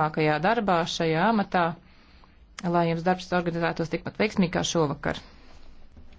turpmākajā darbā šajā amatā, lai jums darbs organizētos tikpat veiksmīgi kā šovakar.